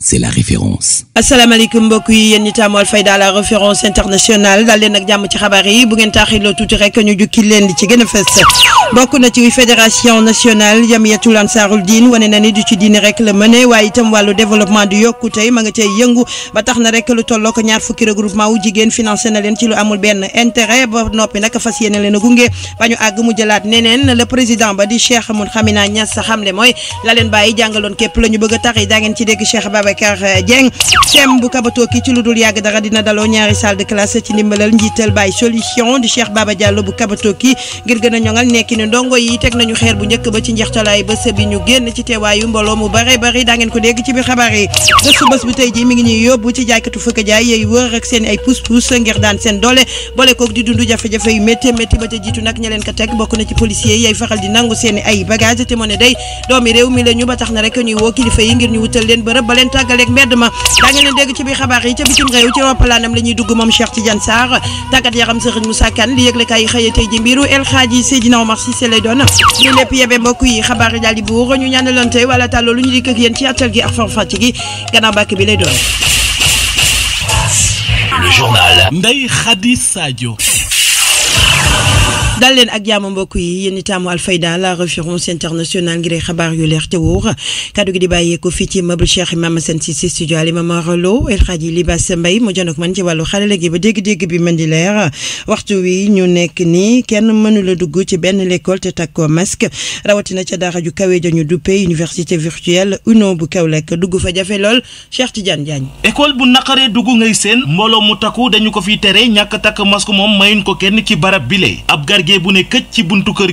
c'est la référence. asalaamaaleykum mbokk yi tuuti rek ñu jukki leen di ci gën a bokk na ci fédération nationale jamiyatul ansaarul diin wane na ni ci diine rek la mëne waaye itam wàllu développement du yokku tey yëngu ba tax na rek lu tolloo ko ñaar fukki regroupement wu jigéen financé na leen ci lu amul benn intérêt ba noppi nag fas yéene leen a gunge ba ñu àgg mu jëlaat neneen le président ba di Cheikh Mouhamina Niass xamle mooy la leen bàyyi jàngaloon Babacar euh, Dieng thème bu Kabatooki ci lu dul yàgg dara dina daloo ñaari salle de classe ci ndimbalal njiital Baye solution di Cheikh Baba Diallo bu Kabatooki ngir gën a ñoŋal nekki ne ndongo yi teg nañu xeer bu njëkk ba ci njeextalaay bés bi ñu génn ci teewaayu mbooloo mu bare bari daa ngeen ko dégg ci biir xabaar yi gëstu bés bi tey ji mi ngi ñuy yóbbu ci jaaykatu fëkk jaay yooyu wër ak seen ay pousse-pousse ngir daan seen doole boole kook di dund jafe-jafe yu métti tàggaleeg mbedd ma daa ngeen leen dégg ci biir xabaar yi ca bitim réew ci roppalaanam la ñuy dugg moom Cheikh Tidiane Sarr tàggat yaram sëriñ Moussa Kane li yëglekaay yi xëyee ji mbiru El Hadji yi xabaar yi daal di buur ñu ñaanalante wala tàlloo lu ñu dikk ak yéen ci attal gi ak farfàcc gi gannaaw bàkk bi lay doon Le journal Ndeye Khady Sadio dal leen ak jàmm mbokk yi yéen itam Alfayda la référence internationale ngir xabaar yu leer te wóor kaddu gi di bàyyeeko fii ci meuble Cheikh Imam Sène si si studio Alioune Momar Lo El Hadji Libas Mbaye mu jënd ak man ci wàllu xarale gi ba dégg-dégg bi mën di leer waxtu wi ñu nekk nii kenn mënula dugg ci benn l'école te takkoo masque rawatina ca daara ju kawe ja ñu duppe université virtuelle UNO bu Kaolack dugg fa jafe lool Cheikh mu takku dañu ko fi tere ñàkk takk masque moom mayuñ ko kenn ci barab bile ab liggéey bu ne këcc ci buntu kër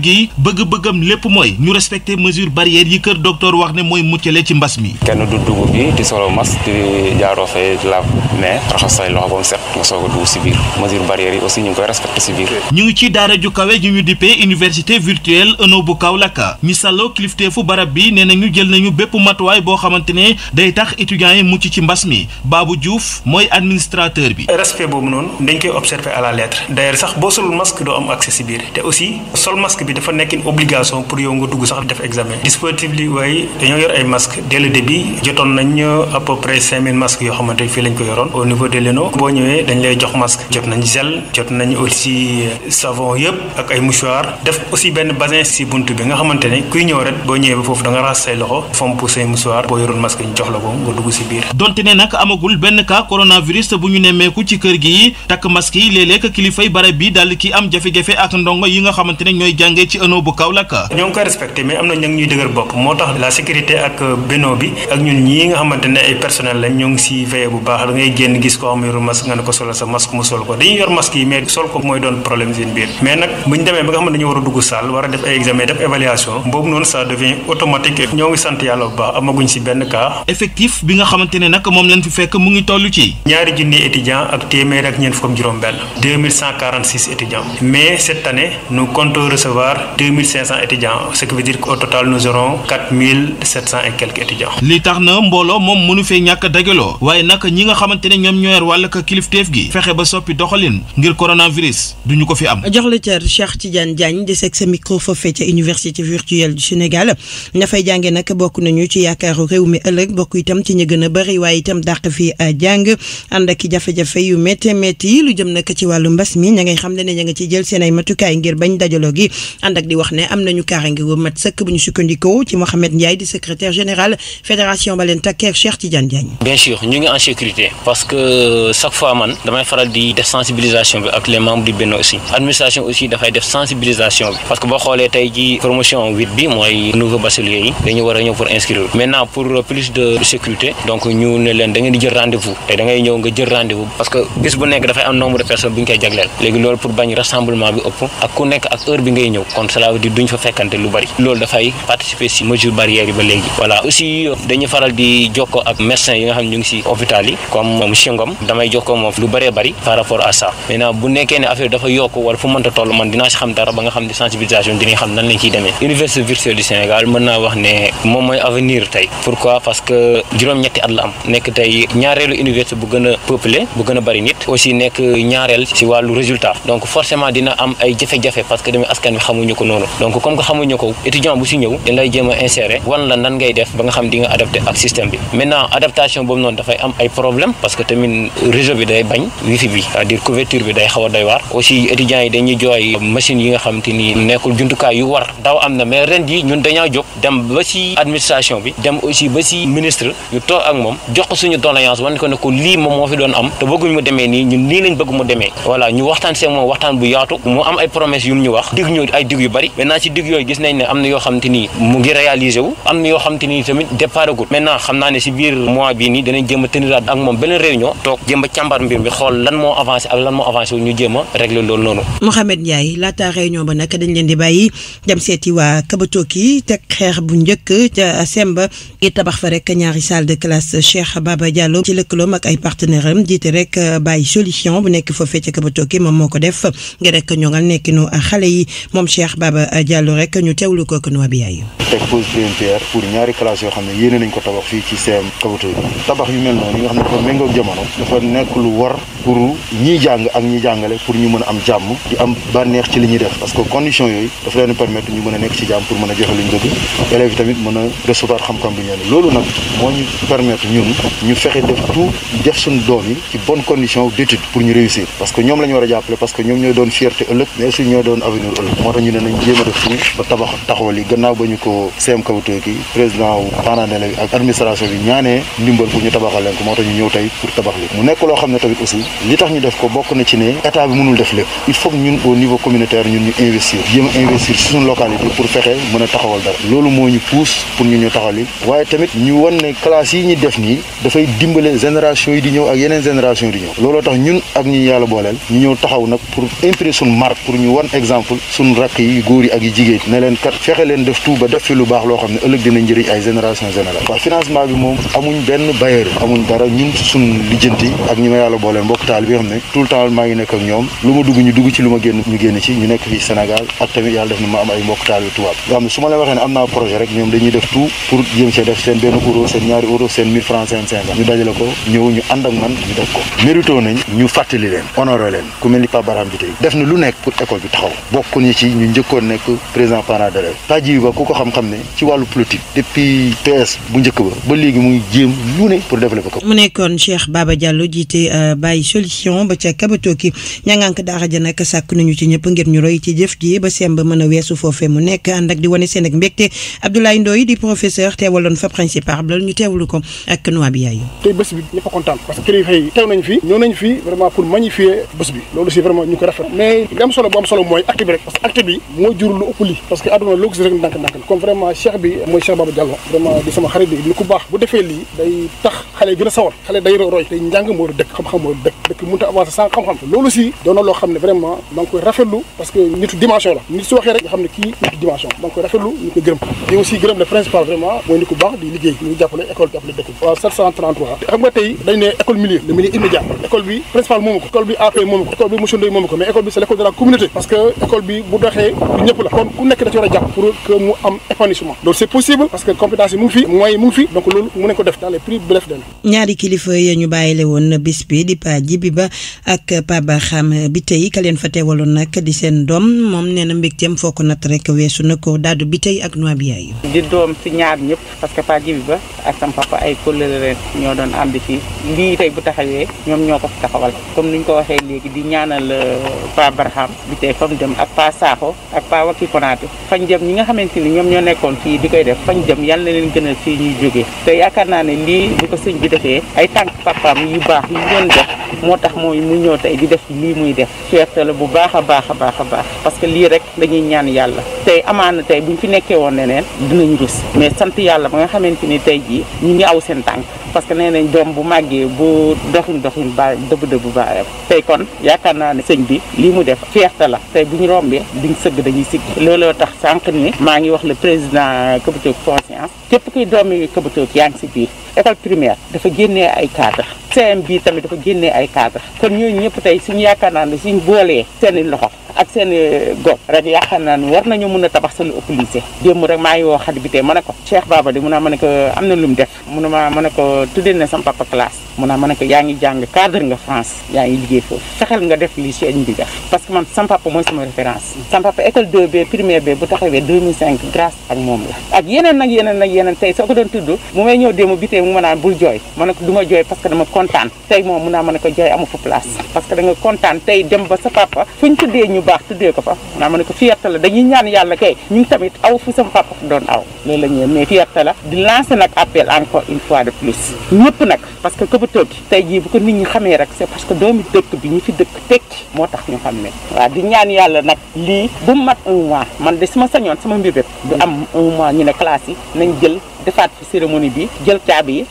lépp mooy ñu respecté mesure barrière yi kër docteur wax ne mooy muccale ci mbas mi. kenn du dugg bi di solo mas di jaaroo fay laab mais raxas say loxo ba mu set nga soog a dugg si biir mesure barrière yi aussi ñu ngi koy respecté si biir. ñu ngi ci daara ju kawe ñu ñu dippee université virtuelle ENO bu Kaolack ñi sàlloo kilifteefu barab bi nee nañu jël nañu bépp matuwaay boo xamante ne day tax étudiants yi mucc ci mbas mi Babou Diouf mooy administrateur bi. respect boobu noonu dañ koy observer à la lettre d'ailleurs sax boo solul masque doo am accès si biir te aussi sol masque bi dafa nekk une obligation pour yow nga dugg sax def examen dispositif waaye dañoo yor ay masques dès le jotoon nañ à peu près 5000 masques yoo xamante fii lañ ko yoroon au niveau de l'ENO boo ñëwee dañ lay jox masque jot nañ gel jot nañ aussi euh, savon yëpp ak ay mouchoir def aussi benn basin si bunt bi nga xamante ne kuy ñëw rek boo ñëwee ba foofu da nga raxas say loxo fomp say mouchoir boo yoroon masque ñu jox la ko nga dugg ndongo yi nga xamante ne ñooy jàngee ci mais am na ña ngi ñuy ne ay personnel lañ ñoo ngi si veillé bu baax da demee ba nga xam ne war a dugg salle war a def ay examen def évaluation boobu noonu ça devient automatique ñoo ngi sant yàlla bu baax amaguñ si benn cas effectif bi nga xamante ne nag moom leen fi fekk mu ngi toll ci ñaari junni étudiants ak téeméer ak ñeent fukk juróom benn 2146 étudiants mais cette année année, nous comptons recevoir 2500 étudiants, ce qui veut dire qu'au total, nous aurons 4700 et quelques li tax na mbooloo moom mënu fee ñàkk dajaloo waaye nag ñi nga xamante ne ñoom ñooyar wàll ka kilifteef gi fexe ba soppi doxalin ngir coronavirus duñu ko fi am. jox la cër Cheikh Tidiane Diagne di seg sa micro foofee ca université virtuelle du Sénégal ña fay jàngee nag bokk nañu ci yaakaaru réew mi ëllëg bokk itam ci ñu gën a waaye itam dàq fi ah, jàng ànd ak ngir bañ dajaloo gi am nañu kaaraange gu mat sëkk bu ñu ci Mouhamed Ndiaye di secrétaire général fédération Balenta Kër Cheikh Tidiane Diagne. bien euh, bi ak les membres du Benno aussi administration aussi dafay def sensibilisation bi parce que boo xoolee tey ji promotion huit bi mooy nouveau bachelier yi dañu war ñëw pour inscrire maintenant pour plus de sécurité donc ñu ne leen da ngeen jël rendez te da ñëw nga jël rendez parce que bis ak ku nekk ak heure bi ngay ñëw kon cela veut dire duñ fa fekkante lu bari loolu dafay participer si mesure barrière yi ba léegi voilà aussi dañu faral di jokkoo ak médecin yi nga xam ne ñu ngi si hôpital yi comme monsieur Ngom damay jokkoo moom lu bëree bëri par rapport à ça nekkee ne affaire dafa yokk wala fu mënta toll man dinaa si xam dara ba nga xam ne sensibilisation dinañ xam ne moom mooy avenir tey pourquoi parce que juróom at la am nekk tey ñaareelu université bu gën a peuplé bu gën a bëri nit aussi nekk ñaareel si wàllu résultat donc forcément dina am ay jafe-jafe parce que dami askan bi xamuñu ko noonu donc comme que xamuñu ko étudiant bu si ñëw dañ lay jéem a insérer wan la nan ngay def ba nga xam di nga adapté ak système bi maintenant adaptation boobu noonu dafay am ay problème parce que tamit réseau bi day bañ wifi bi cest bi day xaw a doy aussi étudiants yi dañuy jooy machines yi nga xam te ni nekkul jumtukaay yu war daaw am na mais ren yi ñun dañoo jóg dem ba si administration bi dem aussi ba si ministre ñu toog ak moom jox ko suñu doléance wan ko ne ko lii moom promesse yu mu ñu wax dig ñu ay dig yu bari maintenant ci dig yooyu gis nañ ne am na yoo xam te nii mu ngi réaliser am na yoo xam te nii tamit départ agul maintenant xam naa ne ci biir mois bii nii danañ jéem a ak moom beneen réunion toog jéem a a loolu noonu Mouhamed Ndiaye laata réunion ba nag dañ leen di bàyyi dem seeti waa Kabatoki teg xeex bu njëkk ca Semba ngir tabax fa rek ñaari salle de classe Cheikh Baba Diallo ci lëkkaloom ak ay partenaire am pour ñaari classe yoo xam ne yéene nañ ko tabax fii ci CM Kabatoy tabax yu mel noonu yi nga xam ne dafa méngoo ak jamono dafa nekk lu war pour ñiy jàng ak ñi jàngale pour ñu mën a am jàmm di am bànneex ci li ñuy def parce que condition yooyu dafa leen permettre ñu mën a nekk ci jàmm pour mën a joxe li ñu bëgg élèves tamit mën a recevoir xam-xam bi ñu loolu nag moo ñu permettre ñun ñu fexe def tout def suñu doom yi ci bonne condition d'étude pour si ñoo doon avenir ëllëg moo tax ñu ne nañ jéem def suñu ba tabax taxawal yi gannaaw ba ñu ko CM Kawtoo ki président wu parents d'élèves yi ak administration bi ñaanee ndimbal pour ñu tabaxal leen ko moo tax ñu ñëw tey pour tabax li mu nekk loo xam ne tamit aussi li tax ñu def ko bokk na ci ne état bi mënul def lépp il faut ñun au niveau communautaire ñun ñu investir jéem investir si suñu localité pour fexe mën a taxawal dara loolu moo ñu pousse pour ñu ñu taxawal yi waaye tamit ñu wan ne classe yi ñu def nii dafay dimbale génération yi di ñëw ak yeneen génération yi di ñëw looloo tax ñu wan exemple suñu rakk yi góor yi ak yi jigéen ne leen kat fexe leen def tout ba def fi lu baax loo xam ne ëllëg dina njëriñ ay génération générale waaw financement bi moom amuñ benn bailleur amuñ dara ñun suñu lijjanti ak ñi ma yàlla booleen mbokk taal bi xam ne tout le temps maa ngi nekk ak ñoom lu ma dugg ñu dugg ci lu ma génn ci ñu nekk fii Sénégal ak tamit yàlla def na ma am ay mbokk taal yu tubaab nga xam ne su ma leen waxee ne am naa projet école bi taxaw bokk ñu ci ñu njëkkoon nekk président parent d'élève Tadji Ba ku ko xam-xam ne ci wàllu politique depuis PS bu njëkk ba ba léegi muy jéem lu ne pour développer ko. mu nekkoon euh, ñangank daara ja nag sàkk nañu ci ñëpp ngir ñu roy ci jëf ji ba semb mën a weesu foofee mu nekk ànd ak di wane seen ak mbégte Abdoulaye Ndoye di professeur teewaloon fa principal loolu ñu teewlu ko ak noa bi yaay tey bés bi ñëpp kontaan parce que kilifa yi teew fi ñëw am solo mooy acte bi rek parce que acte bi moo jur lu ëpp lii parce que àdduna loo gis rek ndànk-ndànk comme vraiment cheikh bi mooy Cheikh Baba Diallo vraiment di sama xarit bi ni ku baax bu defee lii day tax xale gën a sawar xale day roy tey njàng moo dëkk xam-xam moo dëkk dëkk mënut a avancer sans xam-xam loolu si doona loo xam ne vraiment maa ngi koy rafetlu parce que nitu dimension la nit su waxee rek nga xam ne kii nitu dimension maa ngi koy rafetlu ñu koy gërëm di aussi gërëm le principal vraiment mooy ni ku baax di liggéey ñu jàppale école jàppale dëkk bi waaw 733 xam nga tey dañ ne école milieu le milieu immédiat école bi principal moomu ko école bi AP moomu ko école bi monsieur Ndoye moomu ko mais école bi c'est l'école de la communauté parce que école bi bu doxee bu ñëpp la kon ku nekk da ci war a jàpp pour que mu am épanouissement loolu c'est possible parce que compétence yi mu ngi fi moyens yi mu ngi fi donc loolu mën nañ ko def dans les plus brefs délais ñaari bi di Pa Djibi Ba ak bi tey ka leen fa teewaloon nag di seen doom moom nee na mbégteem foo ko natt rek weesu na ko daadu bi tey ak noa bi yaay di doom si ñaar ñëpp parce que Pa Djibi Ba ak sam papa ay kóllëre leen ñoo doon am fii lii tey bu taxawee ñoom ñoo ko fi taxawal comme ni ñu ko waxee léegi di ñaanal euh, Pa Barham député fa mu jëm ak paa Sakho ak Pa Waky Konaté fañ jëm ñi nga xamante ni ñoom ñoo nekkoon fii di koy def fañ dem yal na leen gënal fii ñuy jógee te yaakaar naa ne lii bu ko sëñ bi defee ay tànk papaam yu baax yu doon def moo tax mooy mu ñëw tey di def lii muy def fierté la bu baax a baax a baax a baax parce que lii rek dañuy ñaan yàlla tey amaana tey buñ fi nekkee woon leneen dinañ rus mais sant yàlla ba nga xamante ni tey jii ñu ngi aw seen tànk parce que nee nañ doom bu màggee bu doxin doxin baay dëbb dëbb baayam tey kon yaakaar naa ne sëñ bi lii mu def fierté la tey bu ñu rombee duñ sëgg dañuy sigg looloo tax sànq ni maa ngi wax le président Këbëtoog conscience képp kuy doomi Këbëtoog yaa ngi si biir école primaire dafa génnee ay cadre CM bi tamit dafa génnee ay cadre kon ñooñu ñëpp tey suñu yaakaar naa ne suñ boolee seeni loxo ak seen euh, gox rek yaakaar naa ne war nañu mën a tabax seen ëpp lycée démb rek maa ngi woo xarit bi ma ne ko Cheikh Baba di mun naa ma ne ko am lu mu def mu ne ma ma ne ko tuddee ngi jàng cadre nga France yaa ngi liggéey nga def li Cheikh bi sama papa mooy sama référence sama papa école 2B yeneen nag yeneen nag yeneen tey soo naa ma ne ko fa place parce que da kontaan tey dem ba sa papa fuñ tuddee ñu baax tuddee ko fa naa ma ne ko fierté la dañuy ñaan yàlla kay ñun tamit aw fu sama papa doon aw loolu la ñu mais fierté la di lancer nag appel encore une fois de plus ñëpp nag parce que Këbëtoobi tey jii bu ko nit ñi xamee rek c'est parce que doomi dëkk bi ñu fi dëkk tekki moo tax ñu xam ne waaw di ñaan yàlla nag lii bu mat un mois man de su ma sañoon sama mbir bépp du am un mois ñu ne classe yi nañ jël defaat fi cérémonie bi jël caabi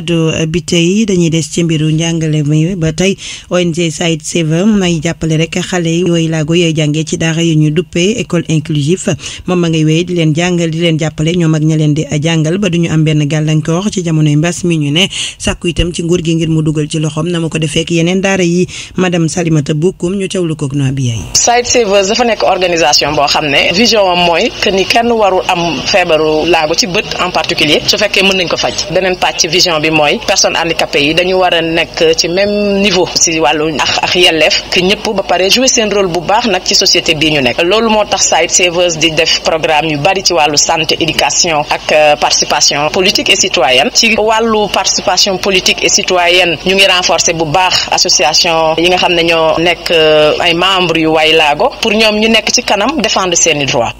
euh, dañuy des ci mbiru njàngale mi ba tey ONG Saïd Seva may jàppale rek xale yi yooyu laago yooyu jàngee ci daara yu ñu duppee école inclusive moom ma ngay wéy di leen jàngal di leen jàppale ñoom ak ña leen di jàngal ba du ñu am benn gàllankoor ci jamonoy mbas mi ñu ne sàkku itam ci nguur gi ngir mu dugal ci loxoom na ma ko defee ak yeneen daara yi madame Salimata Bokoum ñu ko koog noa bi yaay. Saïd Seva dafa nekk organisation boo xam ne vision mooy que ni kenn warul am feebaru laago ci bët en particulier su fekkee mën nañ ko faj beneen pàcc vision bi mooy personne handicapée yi dañu war a nekk ci même niveau si wàllu ak ak yelleef que ñëpp ba pare jouer seen rôle bu baax nag ci société bii ñu nekk loolu moo tax Sight Savers di def programme yu bari ci wàllu santé éducation ak euh, participation politique et citoyenne ci wàllu participation politique et citoyenne ñu ngi renforcer bu baax association yi nga xam ne ñoo nekk euh, ay membres yu Waylaago pour ñoom ñu nekk ci kanam défendre seeni droit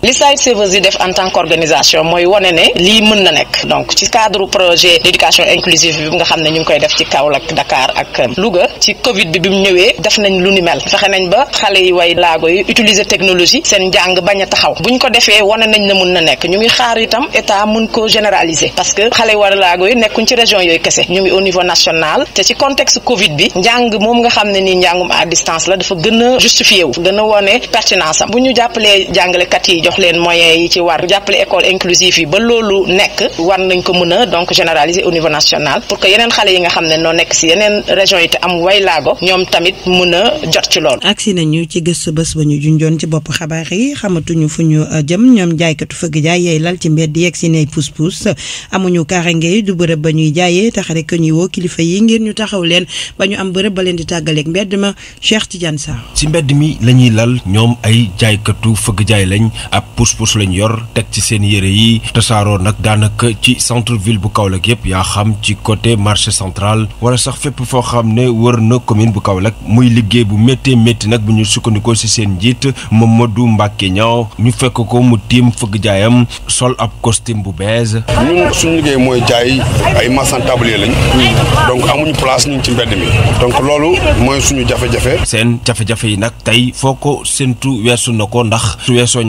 ne lii mën na nekk donc ci cadre projet d'éducation inclusive bi nga xam ne ñu ngi koy def ci Kaolack Dakar ak euh, Louga ci Covid bi bi mu ñëwee def nañ lu ni mel fexe nañ ba xale yi way laago yi utiliser technologie seen njàng bañ a taxaw bu ñu ko defee wane nañ ne mën na nekk ñu ngi xaar itam état mën ko généraliser parce que xale yi way laago yi nekkuñ ci région yooyu kese ñu ngi au niveau national te ci contexte Covid bi njàng moom nga xam ne nii njàngum à distance la dafa gën a justifié wu a wone pertinence am bu ñu jàppalee jàngalekat yi jox leen yi ci war jàppale école inclusive loolu nekk war nañ ko mën a donc généraliser au niveau national pour que yeneen xale yi nga xam ne no nekk si yeneen région yi te am way laago ñoom tamit mën a jot ci loolu. agsi nañu ci gëstu bës ba ñu junjoon ci bopp xabaar yi xamatuñu fu ñu uh, jëm ñoom jaaykatu fëgg jaay yey lal ci mbedd yeeg si ney pousse-pousse amuñu kaaraange du bërëb ba ñuy jaayee tax rek ñuy woo kilifa yi ngir ñu taxaw leen ba ñu am bërëb ba leen di tàggaleek mbedd ma Cheikh Tidiane Sarr. ci mbedd mi la ñuy lal ñoom ay jaaykatu fëgg jaay lañ ab pousse-pousse lañ yor teg seen yére yi tasaaroo nag daanaka ci centre ville bu Kaolack yëpp yaa xam ci côté marché central wala sax fépp foo xam ne wër na commune bu Kaolack muy liggéey bu méttee métti nag bu ñu sukkandikoo si seen njiit moom du Mbacke ñaw ñu fekk ko mu tiim fëgg jaayam sol ab costume bu bees. ñun suñu liggéey mooy jaay ay marchands tablier lañ. donc amuñu place ñu ci mbedd mi. donc loolu mooy suñu jafe-jafe. seen jafe-jafe yi nag tey foo ko séntu weesu na ko ndax su weesoo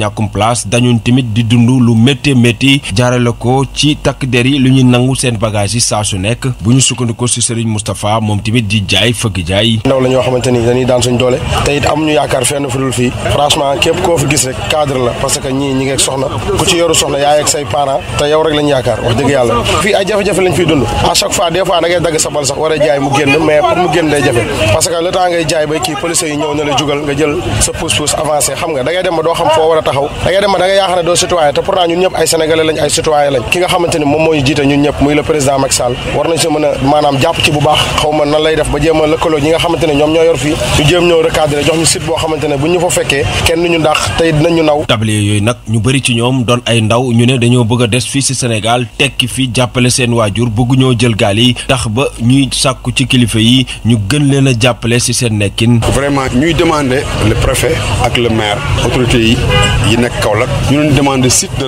jaarale am ñu yaakaar fenn fu dul fii franchement képp koo ci yoru soxna yaay ak say parents te yow rek lañu yaakaar wax dëgg yàlla fii ay jafe-jafe lañ fiy dund à chaque fois des fois da dagg sa bal sax war jaay mu génn mais pour mu génn day jafe parce que le ngay jaay bay kii police yi ñëw na la jugal nga jël sa pousse pousse avancé xam nga da dem ba doo xam foo war taxaw da dem ba da ngay ne doo citoyen te pourtant ñun ñëpp ay sénégalais lañ ay citoyen lañ ki nga xamante ni moom moo ñu jiite ñun ñëpp muy le président Macky Sall war nañ si mën a maanaam jàpp ci bu baax xaw ma lay def ba jéem a lëkkaloo ñi nga xamante ñoom ñoo yor fii ñu jéem ñoo recadré jox ñu site boo xamante bu ñu fa fekkee kenn ñu ndax tey dinañ ñu naw tablier yooyu nag ñu bëri ci ñoom doon ay ndaw ñu ne dañoo bëgg a des fii si senegal tekki fii jàppale seen waajur bëgguñoo jël gaal yi tax ba ñuy sàkku ci kilifa yi ñu gën leen a jàppale si seen nekkin vraiment ñuy demander le préfet ak le maire autorité yi yi nekk Kaolack ñu leen demander site de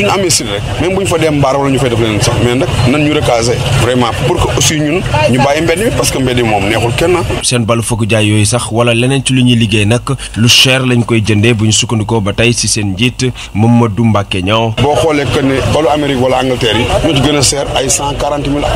suñu amee site rek même bu ñu fa dem mbaar wala ñu fay def leen sax mais nag nan ñu recaser vraiment pour que aussi ñun ñu bàyyi mbedd parce que mbedd moom neexul kenn seen balu fukk jaay yooyu sax wala leneen ci lu ñuy liggéey nag lu cher lañ koy jëndee bu ñu sukkandikoo ba tey si seen njiit Mamadou Mbacké Niang boo xoolee que ne balu Amérique wala Angleterre yi ñoo ci a seer ay cent quarante mille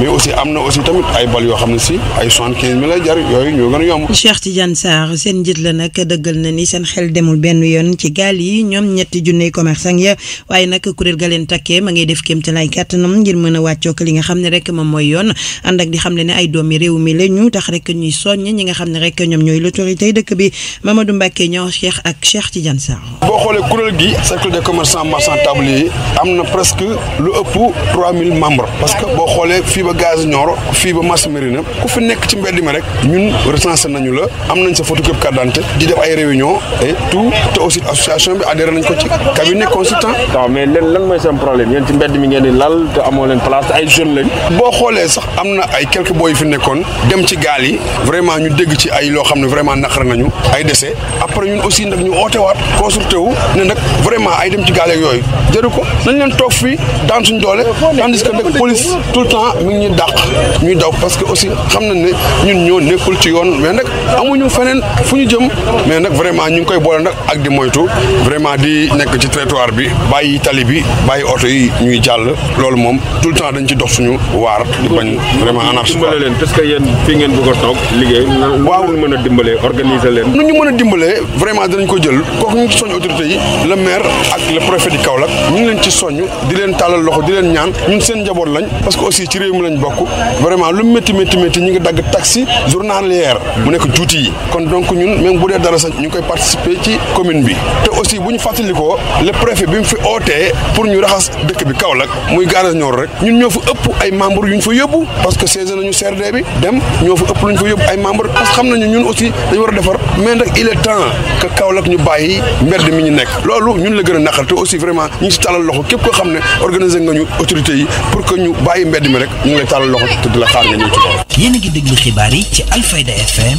mais aussi am na aussi tamit ay bal yoo xam ne si ay soixante quinze jar yooyu ñoo gën a yomb Cheikh Tidiane Sarr seen njiit la nag dëggal na ni seen xel demul benn yoon ci gaal yi ñoom ñetti junni commerçant ya waaye nag kuréel ga leen takkee ma ngay def kéem ci lay kàttanam ngir mën a wàccook li nga xam ne rek moom mooy yoon ànd ak di xam ne ne ay doomi réew mi la tax rek ñuy soññ ñi nga xam ne rek ñoom ñooy l'autorité dëkk bi Mamadou Mbacké ñoo Cheikh ak Cheikh Tidiane Sarr. boo xoolee kuréel gi cercle des commerçants marchands tabliers am na presque lu ëpp 3000 membres parce que boo xoolee fii ba gaz Nioro fii ba marché Mérina ku fi nekk ci mbedd mi rek ñun am nañ sa photocopie carte d'identité di def ay réunion et tout te aussi association bi adhéré nañ waaw mais leen lan mooy seen problème yéen ci mbedd mi ngeen di lal te amoo leen place te ay jeune lañ. boo xoolee sax am na ay quelques boy fi nekkoon dem ci gaal yi vraiment ñu dégg ci ay loo xam ne vraiment naqar nañu ay décès après ñun aussi nag ñu oote waat consulté wu ne nag vraiment ay dem ci gaal yooyu jëru ko nañ leen toog fii daan suñ doole tandis que nag police tout le temps mi ngi dàq ñu daw parce que aussi xam nañ ne ñun ñoo nekkul ci yoon mais nag amuñu feneen fu ñu jëm mais nag vraiment ñu ngi koy boole nag ak di moytu di nekk ci trottoir bi bàyyi tali bi bàyyi oto yi ñuy jàll loolu moom tout le temps dañ ci dox suñu waar di bañ vraiment anarchie dimbale leen parce que yéen ngeen bëgg a toog liggéey waaw mën a dimbalee organiser leen nu ñu mën a dimbalee vraiment dinañ ko jël kooku ñu ngi soñ autorité yi le maire ak le préfet di Kaolack ñu leen ci soññ di leen tàllal loxo di leen ñaan ñun seen njaboot lañ parce que aussi ci réew mi lañ bokk vraiment lu métti métti métti ñu ngi dagg taxi journalière mu nekk juuti yi kon donc ñun même bu dee dara sax ñu ngi koy participer ci commune bi te aussi bu ñu fàttalikoo le fi ootee pour ñu raxas dëkk bi Kaolack muy garage ñor rek ñun ñoo fa ëpp ay membre yu ñu fa yóbbu parce que saison nañu CRD bi dem ñoo fa ëpp lu ñu fa yóbbu ay membre parce que xam nañu ñun aussi dañu war a defar mais nag il est temps que Kaolack ñu bàyyi mbedd mi ñu nekk loolu ñun la gën a naqar te aussi vraiment ñu ngi si tàllal loxo képp koo xam ne organiser nga ñu autorités yi pour que ñu bàyyi mbedd mi rek ñu ngi lay tàllal loxo te di la xaar nga ñëw a ngi déglu xibaar yi ci Alfayda FM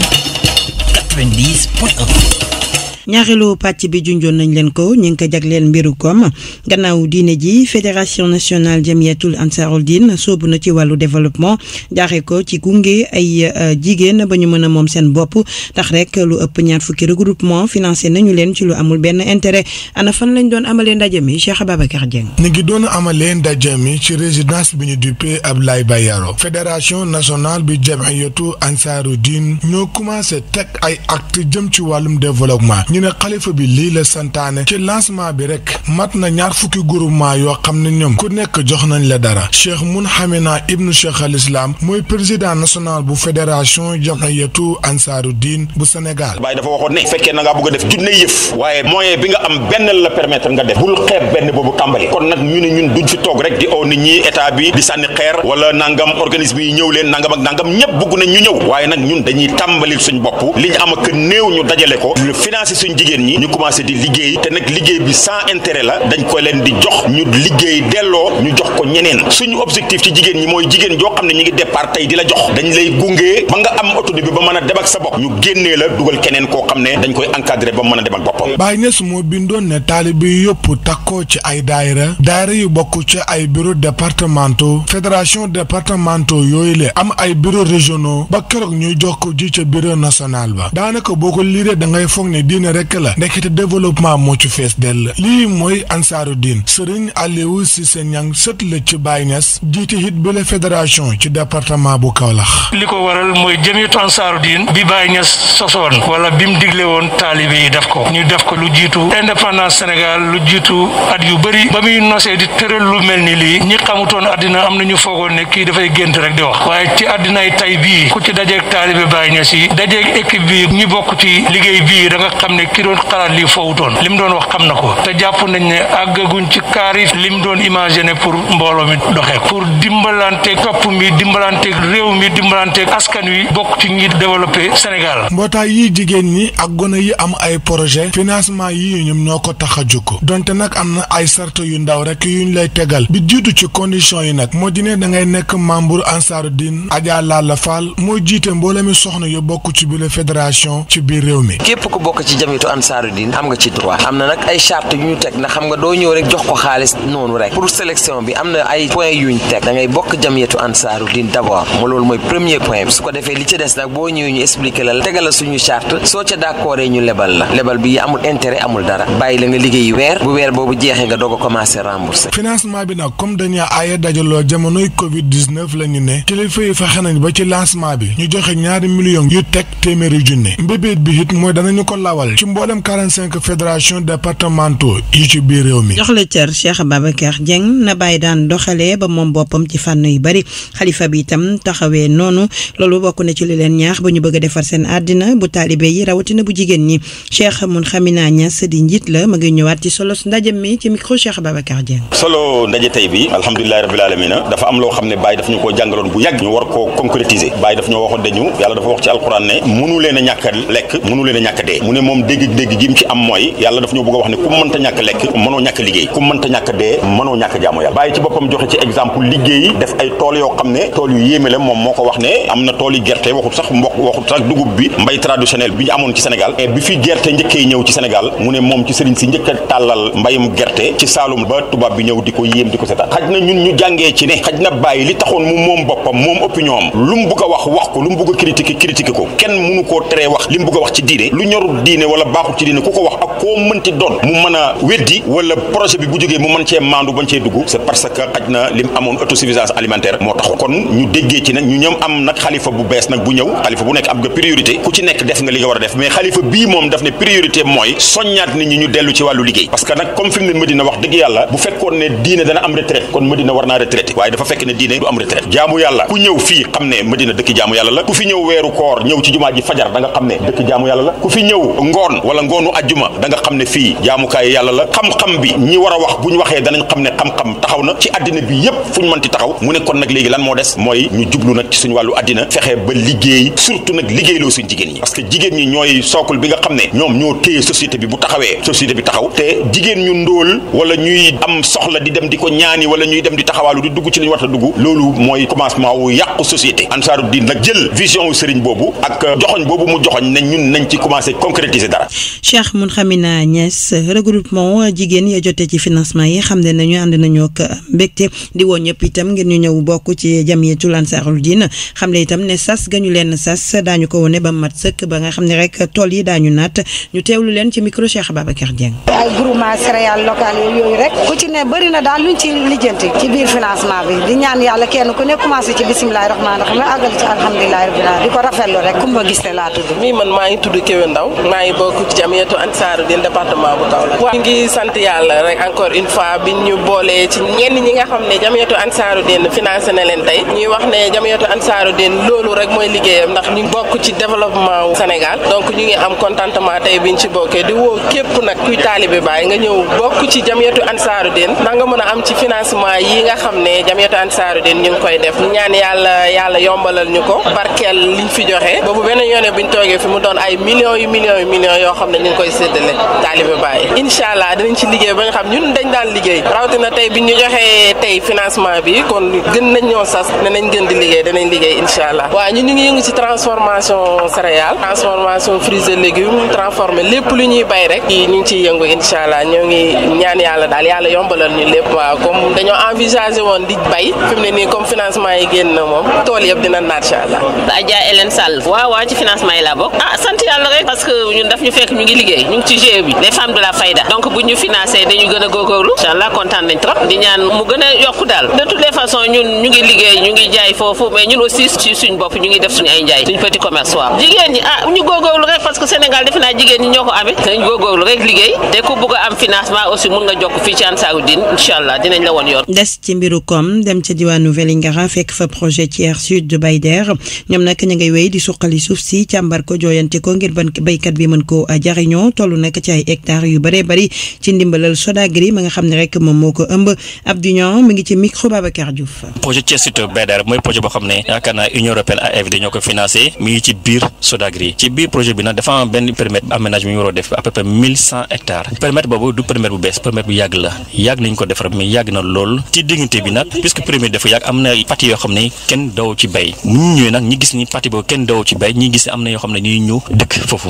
90 point 1. ñaareelu pàcc bi junjoon nañ leen ko ñu ngi jag leen mbiru koom gannaaw diine ji fédération nationale jamiyatul ansarul din soobu na ci wàllu développement jaaxee ko ci gunge ay euh, jigéen ba ñu mën a moom seen bopp tax rek lu ëpp ñaar fukki regroupement financé nañu leen ci lu amul benn intérêt ana fan lañ doon amalee ndaje mi Cheikh Ababacar Dieng. ñu ngi doon amalee ndaje mi ci résidence bi ñu duppee Ablaye Bayero fédération nationale bi jamiyatu ansarul din ñoo commencé teg ay acte jëm ci wàllum développement. ne xalifa bi lii la santaane ci lancement bi rek mat na ñaar fukki groupement yoo xam ne ñoom ku nekk jox nañ la dara cheikh Munhamina ibnu cheikh al islam mooy président national bu fédération jamhiyatu ansaaru diin bu Sénégal. waaye dafa waxoon ne fekkee na ngaa bëgg a def junne yëf waaye moyen bi nga am benn la permettre nga def bul xeeb benn boobu tàmbali kon nag ñu ne ñun duñ fi toog rek di oo nit ñi état bi di sànni xeer wala nangam organisme yi ñëw leen nangam ak nangam ñëpp bëgg nañ ñu ñëw waaye nag ñun dañuy tàmbali suñ bopp li ñu am ak néew ñu dajale ko ñu financer suñ jigéen ñi ñu commencé di liggéey te nag liggéey bi sans intérêt la dañ ko leen di jox ñu liggéey delloo ñu jox ko ñeneen suñu objectif ci jigéen ñi mooy jigéen joo xam ne ñu ngi départ tey di la jox dañ lay gunge ba nga am autonomie bi ba mën a dem ak sa bopp ñu génnee la dugal keneen koo xam ne dañ koy encadré ba mën a dem ak boppam Baye Niass moo bindoon ne taalibe yëpp takkoo ci ay daayira daayira yu bokk ca ay bureau départementaux fédération départementaux yooyu la am ay bureau régionaux ba keroog ñuy jox ji ca national ne rek la ndekete développement moo ci fees dell lii mooy ansaaru diin sëriñ Aliou Cissé Niang sët la ci Baye Niass hit bi la ci département bu Kaolack. li ko waral mooy jëmitu ansaaru diin bi Baye Niass sosoon wala bi mu digle woon taalibe yi def ko ñu def ko lu jiitu indépendance Sénégal lu jiitu at yu bëri ba muy nosee di tëral lu mel ni lii ñi xamutoon àddina am na ñu foogoon ne kii dafay gént rek di wax waaye ci àddinay tay bii ku da nga xam ne ne ki doon xalaat doon wax xam na ko te jàpp nañ ne àggaguñ ci kaari lim doon imaginer pour mbooloo mi doxee pour dimbalanteeg topp mi dimbalanteeg réew mi dimbalanteeg askan wi bokk ci ñi développé Sénégal. mbootaay yi jigéen ñi ak gone yi am ay projet financement yi ñoom ñoo ko tax a jóg donte nag am na ay sart yu ndaw rek yuñ lay tegal bi jiitu ci condition yi nag moo di ne da ngay nekk membre Ansaarudine Adja Lalla Fall moo jiite mboole mi soxna yu bokk ci biir fédération ci biir réew mi. am nga ci droit am na nag ay charte yu ñu teg na xam nga doo ñëw rek jox ko xaalis noonu rek pour sélection bi am na ay point yuñ teg da ngay bokk jamiyatu ansaaru diin d'abord mu loolu mooy premier point bi su ko defee li ci des nag boo ñëwee ñu expliqué la tegal suñu charte soo ca d'accordee ñu lebal la lebal bi amul intérêt amul dara bàyyi la nga liggéey weer bu weer boobu jeexee nga doog a rembourser. financement bi nag comme dañuy ba ci lancement bi ñu ci mboolem 45 fédération départementaux yi ci biir réew mi. jox la cër Cheikh Babacar Dieng na bàyyi daan doxalee ba moom boppam ci fànn yu bari xalifa bi itam taxawee noonu loolu bokk na ci li leen ñaax ba ñu bëgg a defar seen àddina bu taalibe yi rawatina bu jigéen ñi Cheikh mun xamina Niass di njiit la ma ngi ñëwaat ci solo ndaje mi ci micro Cheikh Babacar Dieng. solo ndaje tey bi alhamdulilah rabbil aalamiina dafa am loo xam ne Baye daf ñu koo jàngaloon bu yàgg. ñu war koo concrétiser Baye daf ñoo waxoon dañu yàlla dafa wax ci alquran ne mënu dégg-dégg gi mu ci am mooy yàlla daf ñoo bëgg a wax ne ku mënta ñàkk lekk mënoo ñàkk liggéey ku mënta ñàkk dee mënoo ñàkk jaamu yàlla bàyyi ci boppam joxe ci exemple liggéey def ay tool yoo xam ne tool yu yéeme la moom moo ko wax ne na tool yi gerte waxut sax mboq waxut sax ci Sénégal bi fi gerte njëkkee ñëw ci Sénégal mu ne moom ci sëriñ si njëkk a tàllal mbayum gerte ci Saalum ba tubaab bi ñëw di ko yéem di ko seetaan xaj na ñun ñu jàngee ci ne xaj na bàyyi li taxoon mu moom boppam moom opinion a a a wala baaxul ci diine ku ko wax ak koo mënti doon mu mën a weddi wala projet bi bu jógee mu mën cee maandu bañ cee dugg c'est parce que xaj na lim amoon autosuffisance alimentaire moo taxoon kon ñu déggee ci nag ñu ñoom am nag xalifa bu bees nag bu ñëw xalifa bu nekk am nga priorité ku ci nekk def nga li nga war a def mais xalifa bii moom daf ne priorité mooy soññaat nit ñi ñu dellu ci wàllu liggéey parce que nag comme fi mu ne Medina wax dëgg yàlla bu fekkoon ngoon wala ngoonu ajjuma da nga xam ne fii jaamukaay yàlla la xam-xam bi ñi war a wax bu waxee danañ xam ne xam-xam taxaw na ci àddina bi yépp fu ñu mënti taxaw mu ne kon nag léegi lan moo des mooy ñu jublu nag ci suñu wàllu àddina fexe ba liggéey surtout nag liggéeyloo suñ jigéen ñi parce que jigéen ñi ñooy sookul bi nga xam ne ñoom ñoo téye société bi bu taxawee société bi taxaw te jigéen ñu ndóol wala ñuy am soxla di dem di ko ñaani wala ñuy dem di taxawaalu di dugg ci li a dugg loolu mooy commencement wu yàqu dara. Cheikh Mounhamina Niass regroupement jigéen ya jotee ci financement yi xam ne nañu ànd nañoo ak mbégte di woo ñëpp itam ngir ñu ñëw bokk ci jamiyatul ansaarul diin xam le itam ne sas gañu leen sas daañu ko wone ba mat sëkk ba nga xam ne rek tool yi daañu naat ñu teewlu leen ci micro Cheikh Babacar Dieng. ay groupement céréales locales yooyu rek ku ci ne bëri na daal luñ ci lijjanti ci biir financement bi di ñaan yàlla kenn ku ne commencé ci bisimilah ko rafetlu rek ku ma gis ne laa tudd. mii man bokk ci jamiyatu Ansaarud-Din département bu Kaolack. waaw ñu ngi sant yàlla rek encore une bi ñu boolee ci ñenn ñi nga xam ne jamiyatu Ansaarud-Din financé na leen tey ñu ngi am contentement tey biñ ci bokkee di woo képp nag kuy taalibe Baay nga ñëw bokk ci jamiyatu Ansaarud-Din ndax mën a am ci financement yi nga xam ne jamiyatu Ansaarud-Din ñu ngi koy def ñu ñaan yàlla yàlla yombalal ñu ko barkeel liñ fi joxe boobu benn yoone buñ toogee fi millions yoo xam ne ñu ngi koy séddale taalibe Baay incha allah dinañ ci liggéey ba nga xam ñun dañ daan liggéey rawatina tey bi ñu joxee tey financement bi kon gën nañ ñoo sas nañ gën di liggéey danañ liggéey incha allah waaw ñun ñu ngi yëngu ci transformation céréales transformation fruits et légumes transformé lépp lu ñuy bay rek ñu ngi ciy yëngu incha allah ñoo ngi ñaan yàlla daal yàlla yombalal ñu lépp kom comme dañoo envisagé woon di bay fi ne nii comme financement yi génn na moom tool yëpp dina naat incha allah. Adja Hélène Sall waaw waaw ci financement yi laa bokk ah sant yàlla rek ñu fekk ñu ngi liggéey ñu ngi ci GIE bi les femmes de la fayda donc bu ñu financé dañu gën a góorgóorlu incha allah kontaan trop di ñaan mu gën a daal de toutes les ñun ñu ngi liggéey ñu ngi jaay foofu mais ñun aussi suñ bopp ñu ngi def suñu ay njaay suñ petit commerce waaw jigéen ñi ah ñu góorgóorlu rek parce que Sénégal defe naa jigéen ñi ñoo ko amee dañ góorgóorlu rek liggéey te ku bugg a am financement aussi mun nga jokk fii ci Ansaaru Diin incha allah dinañ la woon yoon des ci mbiru koom dem ca fa projet tiers sud de Bayder ñoom nag ñu ngay wéy di suqali suuf si càmbar ko jooyante ko ngir ban baykat bi mën ko jariñoo mooy projet boo xam ne yaakaar naa Union européenne AFD ñoo ko financé mi ngi ci biir Sodagri ci biir projet bi nag dafa am benn permettre aménagement bi ñu war def à peu boobu du permettre bu bees permettre bu yàgg la yàgg nañ ko defar mais yàgg na lool ci diggante bi nag puisque premier dafa yàgg am na pàcc yoo xam ne kenn daw ci bay mu ñëwee nag ñi gis ni pàcc boobu kenn daw ci bay ñi gis am na yoo xam ne ñuy ñëw dëkk foofu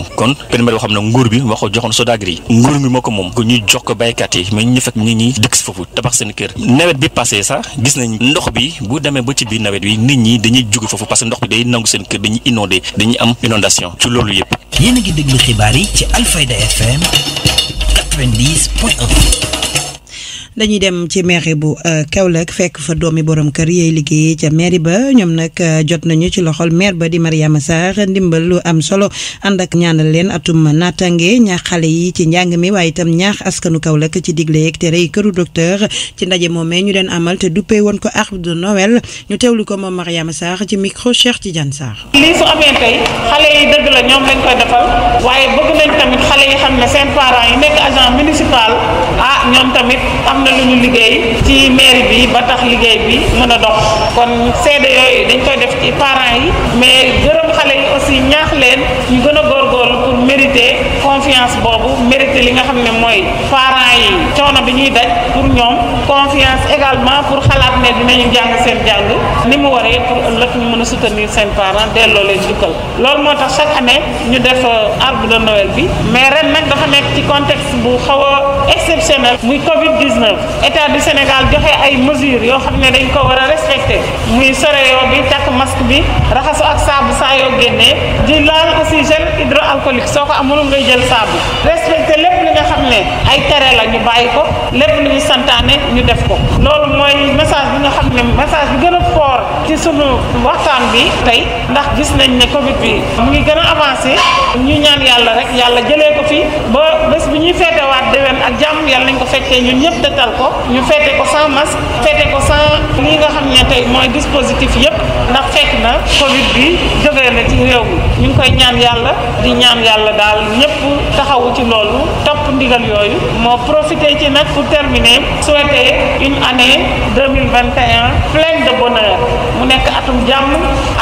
téeméer yoo xam ne nguur bi moo ko joxoon Sodagri nguur mi moo ko moom ko ñu jox ko baykat yi mais ñu fekk nit ñi dëkk si foofu tabax seen kër nawet bi passé sax gis nañ ndox bi bu demee ba ci biir nawet bi nit ñi dañuy jóge foofu parce que ndox bi day nangu seen kër dañuy inondé dañuy am inondation ci loolu yëpp. yéen a ngi yi ci Alfayda FM dañuy dem ci mairie bu euh, Kaolack fekk fa doomi boroom kër yeey liggéeyee ca mairie ba ñoom nag euh, jot nañu ci loxol maire ba di Mariama Sarr ndimbal lu am solo ànd ak ñaanal leen atum naataange ñaax xale yi ci njàng mi waaye itam ñaax askanu Kaolack ci digle yeeg tere yi këru docteur ci ndaje moomee ñu deen amal te duppee woon ko arbre de Noël ñu teewlu ko moom Mariama Sarr ci micro Cheikh Tidiane Sarr. lii su amee tey xale yi dëgg la ñoom lañ koy defal waaye bëgg ah ñoom tamit am na lu ñu liggéey ci mairie bi ba tax liggéey bi mën a dox kon seede yooyu dañ koy def ci parents yi mais gërëm xale yi aussi ñaax leen ñu gën a mérité confiance boobu mérité li nga xam ne mooy parents yi coono bi ñuy daj pour ñoom confiance également pour xalaat ne dinañu jàng seen jàng ni mu waree pour ëllëg ñu mën a soutenir seen parents delloo leen jukkal lool moo tax chaque année ñu def euh, arbre de Noël bi mais ren nag dafa nekk ci contexte bu xaw a exceptionnel muy Covid 19 état du Sénégal joxe ay mesures yoo xam ne dañ ko war a respecté muy soreyoo bi takk masque bi raxasu ak saabu saa yoo génnee ah mënul ngay jël saabu respecté lépp li nga xam ne ay tere la bàyyi ko lépp lu ñu santaane ñu def ko loolu mooy message bi nga xam ne message bi gën a fort ci sunu waxtaan bi tey ndax gis nañ ne Covid bi mu ngi gën a avancé ñu ñaan yàlla rek yàlla jëlee ko fi ba bés bi ñuy waat dewen ak jàmm yàlla nañ ko fekkee ñun ñëpp dëtal ko ñu feete ko sans masque feete ko sans lii nga xam ne tey mooy dispositif yëpp ndax fekk na Covid bi jógee na ci réew mi ñu ngi Sénégal ñëpp taxawu ci loolu ndigal yooyu moo profité ci nag pour terminer souhaiter une année 2021 de bonheur mu nekk atum jàmm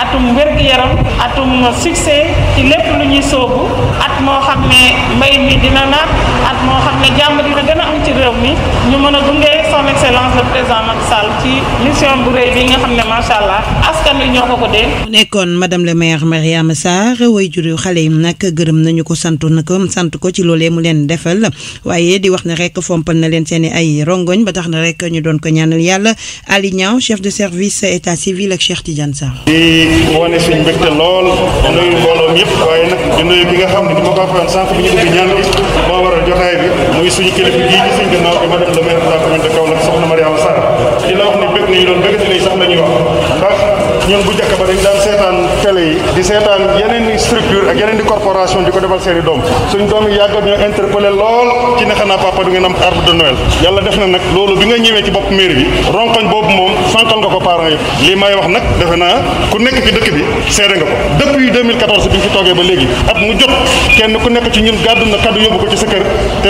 atum wér yaram atum succès ci lépp lu ñuy soobu at moo xam ne mbay mi dina naat at moo xam ne jàmm dina gën a am ci réew mi ñu mën a gunge son excellence le président Macky Sall ci mission bu réy bi nga xam ne macha allah askan wi ñoo ko ko dee. mu nekkoon madame le maire Mariama Sarr way juru xale yi nag gërëm nañu ko santu na ko sant ko ci loolee mu leen defal. na waaye di wax na rek fompal na leen seen ay rongoñ ba tax na rek ñu doon ko ñaanal yàlla Ali Niang chef de service état civil ak Cheikh Tidiane Sarr. di moo waral jotaay bi muy suñu kilifa gii ci bi madame le de la commune de soxna Mariama Sarr di la wax ne bëgg nañu doon bëgg nañu sax la wax. ñun bu njëkk ba dañ daan seetaan télé yi di seetaan yeneen i structure ak yeneen i corporation di ko defal seen i doom suñ doom yi yàggat ñoo interpellé lool ci ne xanaa papa du ngeen am arbre de Noël yàlla def na nag loolu bi nga ñëwee ci bopp mairie bi ronkoñ boobu moom fankal nga ko parents yëpp lii may wax nag defe naa ku nekk ci dëkk bi seede nga ko depuis 2014 bi ñu fi toogee ba léegi at mu jot kenn ku na kaddu yóbbu ko ci sa kër te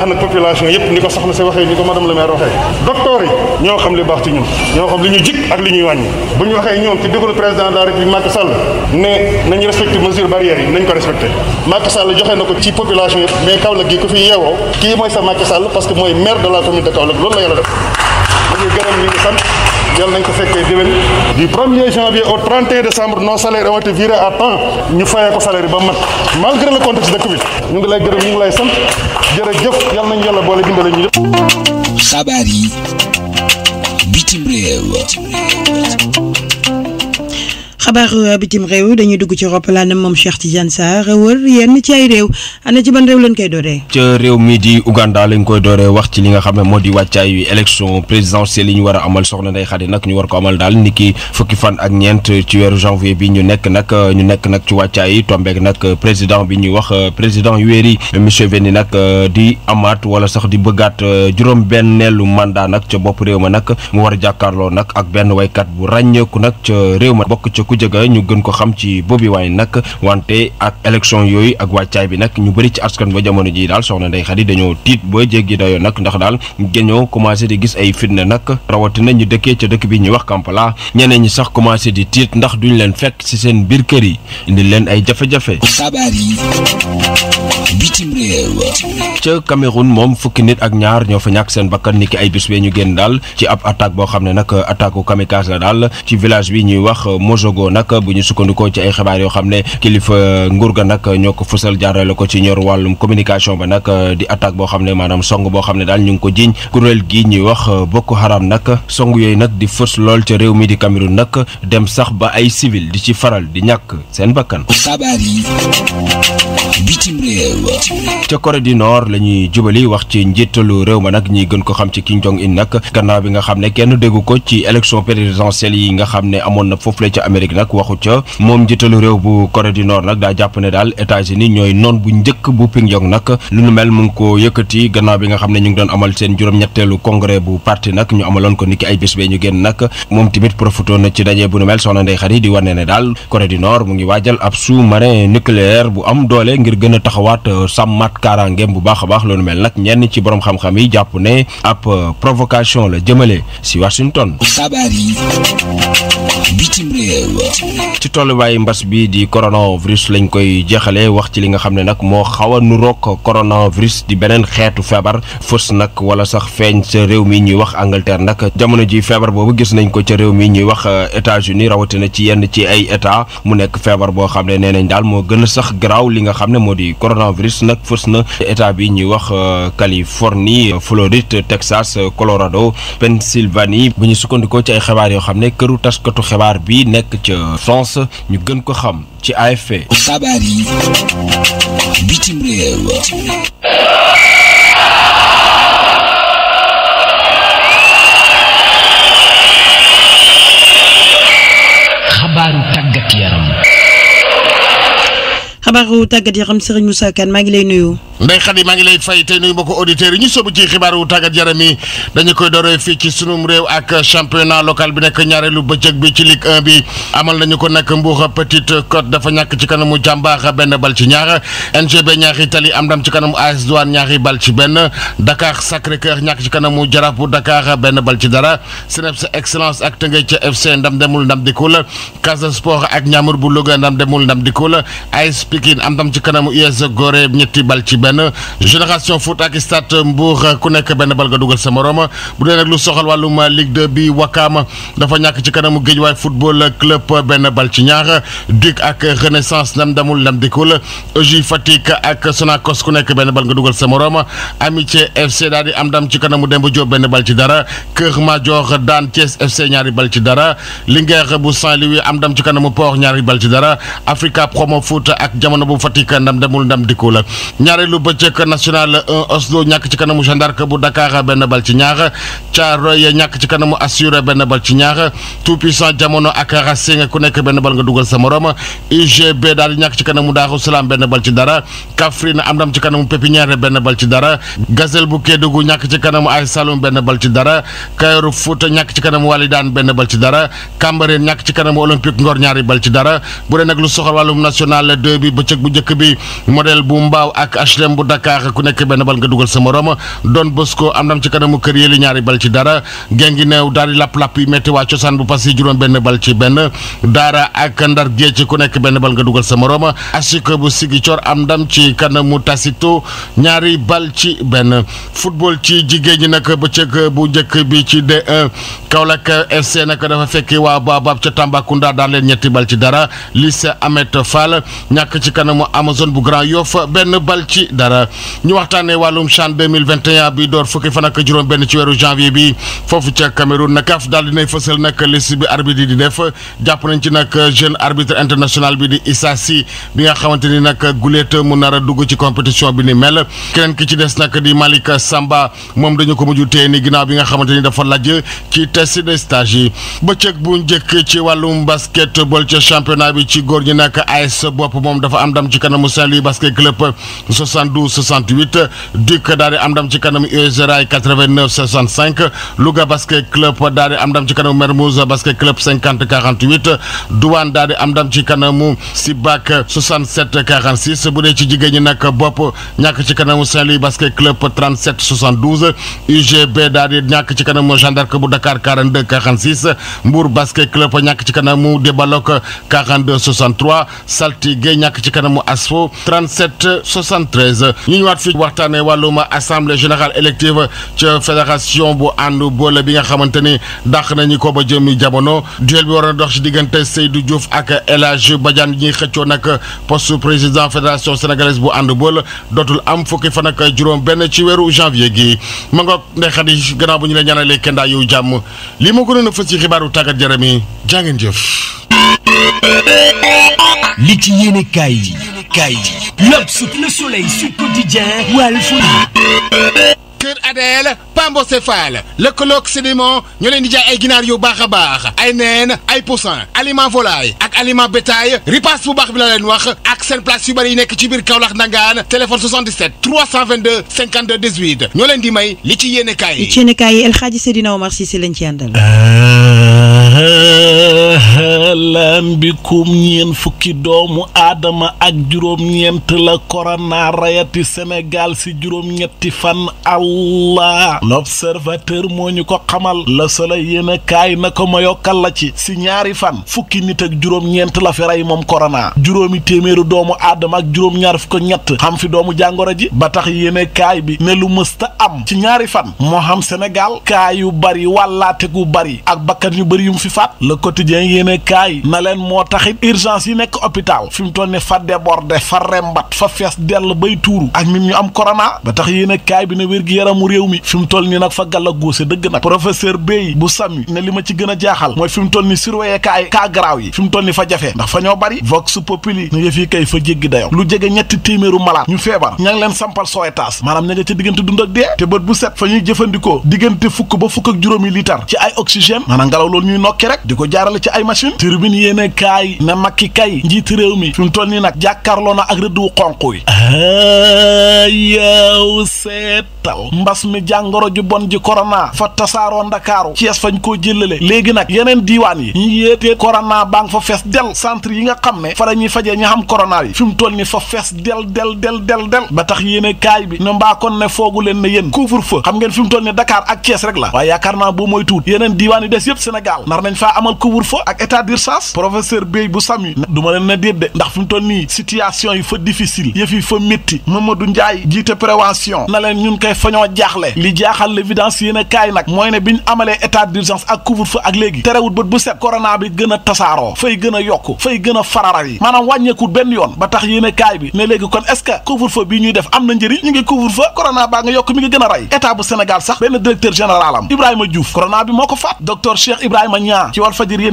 ñaax nag population yëpp ni ko soxna si waxee ni ko madame le maire waxee docteur yi ñoo xam li baax ci ñun ñoo xam li ñu jik ak li ñuy wàññi bu ñu waxee ñoom ci déglu président de la république ne nañu respecté mesure barrières yi nañ ko respecté Macky Sall joxe na ko ci population yëpp mais Kaolack gi ku fi yeewoo kii mooy sa Macky Sall parce que mooy maire de la commune de loolu la yàlla def ñu gërëm ñu ngi sant yàlla nañ ko fekkee déwén du 1er janvier au décembre nos salaires ont été virés à temps ñu fayee ko salaire ba mat malgré le contexte dëkk bi ñu ngi lay gërëm ñu ngi lay sant jërëjëf yàlla nañ yàlla boole dimbale ñu yëpp. xabaar bitim réew. xabaaru bitim réew dañuy dugg ci roppalaanam moom Cheikh Tidiane Sarr wër yenn ci ay réew ana ci ban réew lañ koy dooree. ca réew mi di Uganda lañ koy dooree wax ci li nga xam ne moo di wàccaayu élection présidentielle yi ñu war a amal soxna Ndeye Khady nag ñu war ko amal daal ni ki fukki fan ak ñeent ci weeru janvier bi ñu nekk nag ñu nekk nag ci wàccaay yi tombeek nag président bi ñuy wax président Yoweri Museveni nag di amaat wala sax di bëggaat juróom-benneelu mandat nag ca bopp réew ma nag mu war a jàkkaarloo nag ak benn waykat bu ràññeeku nag réew ma bokk ca. ku jëga ñu gën ko xam ci boobi waaye nag wante ak élection yooyu ak wàccaay bi nag ñu bari ci askan ba jamono ji daal soxna Ndeye Khady dañoo tiit ba jéggi dayoo nag ndax daal géñoo commencé di gis ay fitna nag na ñu dëkkee ca dëkk bi ñuy wax Kampala ñeneen ñi sax commencé di tiit ndax duñ leen fekk ci seen biir kër yi indi leen ay jafe-jafe bitim réew ca Cameroun moom fukki nit ak ñaar ñoo fa ñàkk seen bakkan ni ay bis ñu génn daal ci ab attaque boo xam ne nag attaque u kamikaze la daal ci village bi ñuy wax Mozogo nag bu ñu sukkandikoo ci ay xabaar yoo xam ne kilifa nguur ga nag ñoo ko fësal jaarale ko ci ñor wàllum communication ba nag di attaque boo xam ne maanaam song boo xam ne daal ñu ngi ko jiiñ kuréel gi ñuy wax Boko Haram nag song yooyu nag di fës lool ca réew mi di Cameroun nag dem sax ba ay civil di ci faral di ñàkk seen bakkan bitim réew ca Corée du Nord la ñuy jubali wax ci njiitalu réew ma nag ñi gën ko xam ci Kim Jong Un nag gannaaw bi nga xam ne kenn déggu ko ci élection présidentielle yi nga xam ne amoon na foofu la ca Amérique nag waxu ca moom njiitalu réew bu Corée du Nord nag daa jàpp ne daal États-Unis ñooy noon bu njëkk bu Pyongyang nag lu nu mel mu ngi ko yëkkati gannaaw bi nga xam ne ñu ngi doon amal seen juróom-ñetteelu congrès bu parti nag ñu amaloon ko niki ay bés bee ñu génn tamit profité na ci daje bu nu mel soxna Ndeye di wane ne daal Corée du mu ngi waajal ab sous-marin nucléaire bu am doole ngir gën a taxawaat euh, sàmmat kaaraangeem bu baax a baax loolu mel nag ñenn ci borom xam-xam yi jàpp ne ab euh, provocation la jëmale si Washington. xabaar yi. bitim réew ci tolluwaayu mbas bi di coronavirus lañ koy jeexale wax ci li nga xam ne nag moo xaw a nuroog coronavirus di beneen xeetu feebar fës nag wala sax feeñ ca réew mi ñuy wax Angleterre nag jamono ji feebar boobu gis nañ ko ca réew mi ñuy wax euh, États-Unis rawatina ci yenn ci ay état mu nekk feebar boo xam ne nee nañ daal moo gën a sax graaw li nga xam ne moo di coronavirus nag fës na état bi ñuy wax euh, Californie Floride Texas Colorado Pennsylvanie bu ñu sukk ci ay xibaar yoo xam ne këru xibaar bi nekk ca France ñu gën ko xam ci AFP. xabaar yi bitim réew. xabaaru tàggat yaram. xabaaru tàggat yaram Serigne Moussa Kane maa ngi lay nuyu. Ndeye Khady maa ngi lay fay tey nuyu bokk auditeurs yi ñu sóobu ci xibaar wu tàggat yaram yi dañu koy dooree fii ci sunum réew ak championnat local bi nekk ñaareelu bëccëg bi ci Ligue 1 bi amal nañu ko nag Mbuur Petite Côte dafa ñàkk ci kanamu jàmbaax benn bal ci ñaar NGB ñaari tali am ndam ci kanamu AS Douane ñaari bal ci benn Dakar Sacré-Cœur ñàkk ci kanamu Jaraaf bu Dakar benn bal ci dara CNEPS Excellence ak Teungueth ca FC ndam demul ndam dikkul Casa Sport ak Ñaamur bu Louga ndam demul ndam dikkul AS Pikine am ndam ci kanamu US ñetti bal benn génération foot ak stade Mbour ku nekk benn bal nga dugal sa morom bu dee lu soxal wàllum Ligue de bi Wakaam dafa ñàkk ci kanamu Guédiawaye football club benn bal ci ñaar Duc ak Renaissance nam damul nam dikul EJ Fatick ak Sonacos ku nekk benn bal nga dugal sa morom Amitié FC daal di am ndam ci kanamu Demba Diop benn bal ci dara Kër Madior daan Thiès FC ñaari bal ci dara Linguère bu Saint-Louis am ndam ci kanamu Port ñaari bal ci dara Africa Promo Foot ak jamono bu Fatick ndam damul ndam dikul bëccëg national 1 Oslo ñàkk ci kanamu gendarme bu Dakar benn bal ci ñaar Thiaroye ñàkk ci kanamu Assur benn bal ci ñaar tout puissant jamono ak Racing ku nekk benn bal nga dugal sa morom UGB daal ñàkk ci kanamu Daaru Salaam benn bal ci dara Kaffrine am ndam ci kanamu Pépinière benn bal ci dara Gazelle bu Kédougou ñàkk ci kanamu ay Saloum benn bal ci dara Kayoru Fouta ñàkk ci kanamu Walidaan benn bal ci dara Cambérène ñàkk ci kanamu Olympique Ngor ñaari bal ci dara bu dee bi bëccëg bu bi modèle bu Mbaaw HLM bu Dakar ku nekk benn bal nga dugal sa morom Don Bosco am ndam ci kanamu kër yéeli ñaari bal ci dara Gengi Neew lapp-lapp yi métti bu Passy benn bal ci benn Daara ak Ndar Géej ku nekk benn bal nga dugal sa morom Asiko bu Sigicoor am ndam ci kanamu Tasito ñaari bal ci benn football ci jigéen ñi nag bëccëg bu njëkk bi ci D1 Kaolack FC nag dafa fekki waa Baobab ca Tambacounda daan leen ñetti bal ci dara Lycée Amet Fall ñàkk ci kanamu Amazone dara ñu waxtaanee wàllum CHAN 2021 bi door fukki fan ak juróom benn ci weru janvier bi foofu ca Cameroun nag af daal dinay fësal nag liste bi arbitre yi di def jàpp nañ ci nag jeune arbitre international bi di Issa Sy bi nga xamante ni nag guleet mu nar a dugg ci compétition bi ni mel keneen ki ci des nag di Malick Samba moom dañu ko mujj téye ni ginnaaw bi nga xamante ni dafa lajj ci test de stage ba bëccëg bu njëkk ci wàllum basketball ca championnat bi ci góor ñi nag AS bopp moom dafa am ci kanamu Saint-Louis basket club 72 68 Duc daal di am ndam ci kanam US Rail 89 65 Louga basket club daal di am ndam ci kanamu Mermoz basket club 50 48 Douane daal di am ndam ci kanamu Sibac 67 ci jigéen ñi nag bopp ñàkk ci kanamu saint basket club 37 72 UGB daal di ñàkk ci kanamu Jeanne bu Dakar 42 46 Mbour basket club ñàkk ci kanamu Débalok 42 63 Saltigué ñàkk ci kanamu Asfo 37 73. 2016 ñu ñëwaat fi waxtaanee wàllum assemblée général élective ca fédération bu ànd boole bi nga xamante ni dàq nañu ko ba jëmi jamono duel bi war a dox ci diggante Seydou Diouf ak El Hadj Badiane ñuy xëccoo nag poste président fédération sénégalaise bu ànd boole dootul am fukki fan ak juróom benn ci weeru janvier gi ma ngoog ndeyxat yi gannaaw bu ñu la ñaanalee kenn daa yow jàmm lii moo gënoon a fës xibaaru tàggat yaram yi jaa ngeen jëf. li ci yéene kaay yi kaay yi L'Obs, Le Soleil, Sud Quotidien, Walf Kër Adeel Pambo Céphale lëkkaloog sédiment ñoo leen di jaay ay ginaar yu baax a baax ay neen ay poussin aliment volaille ak aliment bétail ripaas bu baax bi la leen wax ak seen place yu bëri yi nekk ci biir Kaolack Ndangaan téléphone 77 322 52 18 ñoo leen di may li ci yéene kaay yi. li ci yéene kaay yi El Hadji Seydina Omar Cissé lañ ci àndal. Ah, ah, ah. salaam bikum ñeen fukki doomu aadama ak juróom-ñeent la korona rayati Sénégal si juróom-ñetti fan allah l'observateur moo ñu ko xamal la solo yéen a kaay na ko ma yokkal la ci si ñaari fan fukki nit ak juróom-ñeent la fi rey moom korona juróomi téeméeru doomu aadama ak juróom-ñaar fukk ak ñett xam fi doomu jàngoro ji ba tax yéen kaay bi ne lu mësta am ci ñaari fan moo xam Sénégal kaay yu bari wàllaate gu bari ak bakkan yu bari yum fi faat le quotidien yéen kaay na leen moo taxit urgence yi nekk hôpital fi mu toll ni fa débordé fa rembat fa fees dell bay tuuru ak nit ñu am corona ba tax yéen a kaay bi ne wér gi yaramu réew mi fi mu toll ni nag fa gàlla góose dëgg nag professeur Bey bu sami ne li ma ci gën a jaaxal mooy fi mu toll ni surveiller kaay cas graaw yi fi mu toll ni fa jafe ndax fa ñoo bari vox populi ne yëf yi kay fa jéggi dayo lu jege ñetti téeméeru malaat ñu feebar ña ngi leen sampal soetaas maanaam ña nga ca diggante dund ak dee te bët bu ba fukk ak juróomi litar ci ay oxygène maanaam ngelaw loolu ñuy nokki rek di ko jaarale ci ay machine turbine yéen a kaay ne makki kay njiiti réew mi fi mu toll nii nag jàkkaarloo na ak rëdd wu xonq wi yow seetal mbas mi jàngoro ji bon ji korona fa tasaaroo ndakaaru Cees fañ koo jëlale léegi nag yeneen diiwaan yi ñu yéetee korona baa fa fees del centre yi nga xam ne fa la ñuy fajee ña xam korona yi fi mu toll nii fa fees del del del del del ba tax yéen kaay bi ne mbaa kon ne foogu leen ne yéen couvre-feu xam ngeen fi mu toll nii Dakar ak Cees rek la waaye yaakaar naa boo mooy tuut yeneen diiwaan yi des yëpp Sénégal nar Gossas professeur Bey bu Samy du ma leen na déet de ndax fi mu toll nii situation yi fa difficile yëf yi fa métti Mamadou Ndiaye jiite prévention na leen ñun koy fañoo jaaxle li jaaxal l'évidence yéen kaay nag mooy ne bi ñu amalee état d'urgence ak couvre-feu ak léegi terewut bët bu set corona bi gën a tasaaroo fay gën a yokk fay gën a farara yi maanaam wàññeekut benn yoon ba tax yéen a kaay bi ne léegi kon est-ce que couvre-feu bi ñuy def am na njëriñ ñu ngi couvre-feu corona baa nga yokk mi a rey état bu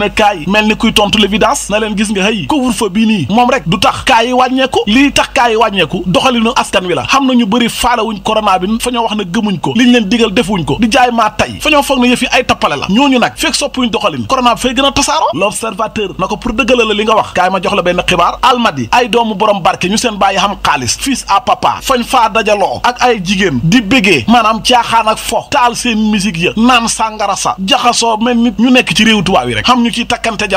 a kaay kuy tontu l'évidence na leen gis nga xëy couvre la xam na ñu bëri faalewuñ corona bi fa ñoo wax ne gëmuñ ko di jaay maa tay fa ñoo foog ne yëf yi ay tappale la ñooñu nag fekk soppuñ doxalin corona bi fay gën a tasaaroo l'observateur na ko pour dëggala li nga wax kaay ma jox la benn xibaar almadi ay doomu borom barke ñu seen bàyyi xam xaalis fils à papa faa dajaloo ak ay jigéen di bégee maanaam caaxaan ak fo taal seen musique ya naan sàngara sa jaxasoo mel nit ñu nekk ci réew tubaab rek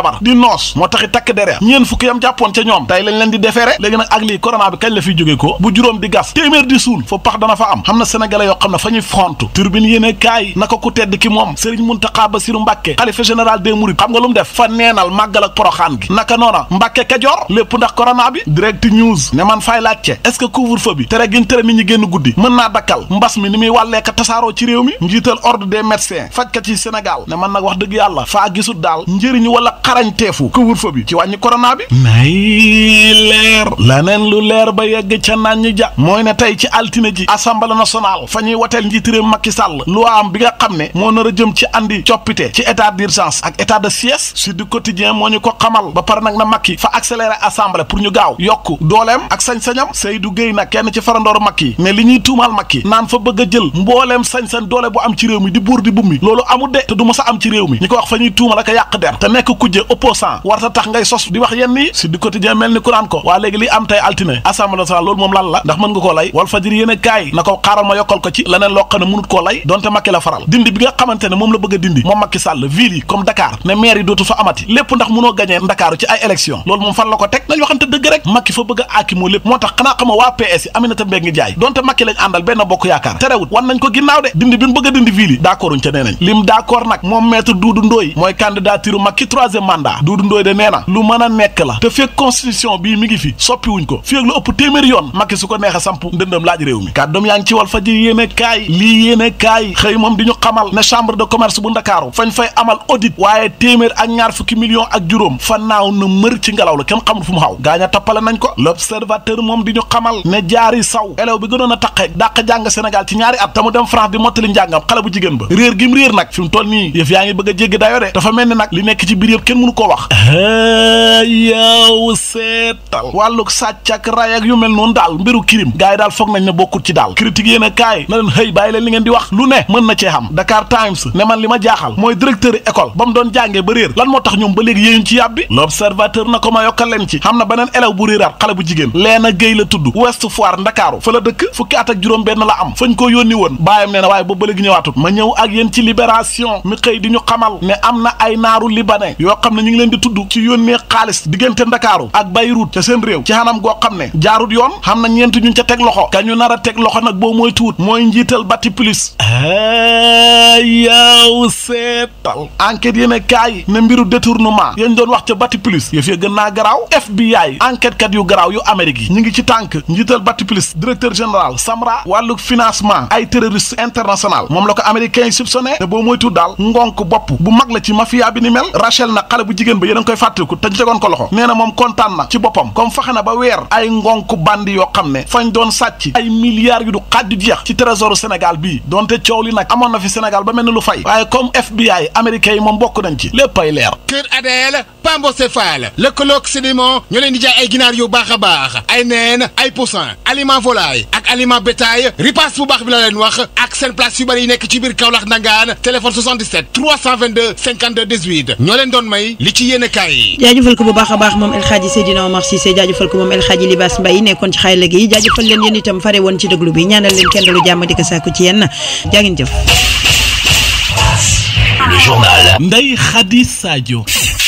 jabar di noos moo taxi takk dereer ñeen fukki yam jàppoon ca ñoom tey lañ leen di defeere léegi nag ak lii bi kañ la fiy jóge ko bu juróom di gas téeméer di suul fa pax dana fa am xam na sénégalais yoo xam ne fa ñuy fontu turbine yéene kaay naka ku tedd ki moom sëriñ Muntaxa Basiru Mbàkke xalifa général des mourides xam nga lu def fa neenal màggal ak poroxaan gi naka noona Mbàkke Kajoor lépp ndax corona bi direct news ne fay laajce est-ce xarañteefu ko wër fa bi ci wàññi corona bi nay leer laneen lu leer ba yegg ca naan ñi ja mooy na tey ci altine ji assemblée nationale fa ñuy woteel njiitu réew Macky Sall loi am bi nga xam ne moo nar a jëm ci andi coppite ci état d'urgence ak état de siège su du quotidien moo ñu ko xamal ba pare nag na Macky fa accélérer assemblée pour ñu gaaw yokk dooleem ak sañ-sañam du Guèye na kenn ci farandooru Macky ne li ñuy tuumaal Macky naan fa bëgg a jël mbooleem sañ doole bu am ci réew mi di buur di bummi loolu du ma am ci réew mi ñi ko wax fa ñuy tuumal ak a yàq te opposant tax ngay sos di wax yenn yi si du quotidien mel ni kuraan ko waa léegi li am tey altine assemblée nationale moom lan la ndax mën nga koo lay wal fajiri yéen a kaay na ko xaaral ma yokkal ko ci leneen loo xam ne mënut koo lay donte Macky la faral dindi bi nga xamante ne moom la bëgg dindi moom Macky Sall ville yi comme Dakar ne maire yi dootu fa amati lépp ndax mënoo gañee Dakar ci ay élection loolu moom fan la ko teg nañ waxante dëgg rek Macky mandat Doudou Ndoye de nee na lu mën a nekk la te fekk constitution bii mi ngi fi soppi wuñ ko fekk lu ëpp téeméeri yoon Macky ko neex a samp ndëndam laaj réew mi kàddoom yaa ngi ci wal fajiri yéene kaay lii yéene xëy moom di ñu xamal ne chambre de commerce bu Ndakaaru fañ fay amal audit waaye téeméer ak ñaar fukki millions ak juróom fa naaw na mër ci ngelaw la kenn xamul fu mu xaw gaañ a nañ ko l'observateur moom di ñu xamal ne jaari saw élève a a mënu ko wax yow seetal wàlluk sàcc ak ray ak yu mel noonu daal mbiru crime gars yi daal foog nañ ne bokkut ci daal critique yéen a kaay na leen xëy bàyyi leen li ngeen di wax lu ne mën na cee xam Dakar Times ne man li ma jaaxal mooy directeur école ba mu doon jàngee ba réer lan moo tax ñoom ba léegi yéen ci yàbbi l'observateur na ko ma yokkal leen ci xam na beneen élève bu réeraat xale bu jigéen Leena Gueye la tudd Ouest Foire Ndakaaru fa la dëkk ak juróom benn la am fañ ko woon baayam nee na waaye ma ñëw ak yéen ci libération mi xëy di ñu xamal am na ay naaru libanais xam ne ñu ngi leen di tuddu ci yónnee xaalis diggante Ndakaaru ak Bayrut ca seen réew ci xanam goo xam ne jaarut yoon xam na ñeent ñun ca teg loxo ka ñu nar a teg loxo nag boo mooy tuut mooy njiital bati plus yaaw seetal enquête yéen kaay ne mbiru détournement yéen doon wax ca bati plus yëf ya gën naa garaaw ay enquête kat yu garaaw yu Amérique yi ñu ngi ci tànk njiital bati plus directeur général Samra wàllu financement ay terroriste international moom la ko américain yi soupçonné ne boo daal ngonk bopp bu mag la ci mafia xale bu jigéen ba yéen a ngi koy fàttaliku te ñu ko loxo nee na moom kontaan na ci boppam comme faxe ba weer ay ngonk bandi yoo xam ne fañ doon sàcc ay milliards yu du xaddu jeex ci trésoru Sénégal bii donte coow li nag amoon na fi Sénégal ba mel lu fay waaye comme FBI américain yi moom bokk nañ ci lépp ay leer Kër Adel Pambo Céphale lëkkaloog sédiment ñoo leen di jaay ay ginaar yu baax baax ay neen ay poussin aliment volaille ak aliment bétail ripaas li ci yéene kaay yi jaajëfal ko bu baax a baax moom El Hadji Seydina Omar Cissé jaajëfal ko moom El Hadji Libaas Mbaye nekkoon ci xayla gi jaajëfal leen yéen itam fare woon ci déglu bi ñaanal leen kenn lu jàmm di ko sàkku ci yéen jaa ngeen jëf. Le journal Ndeye Khady Sadio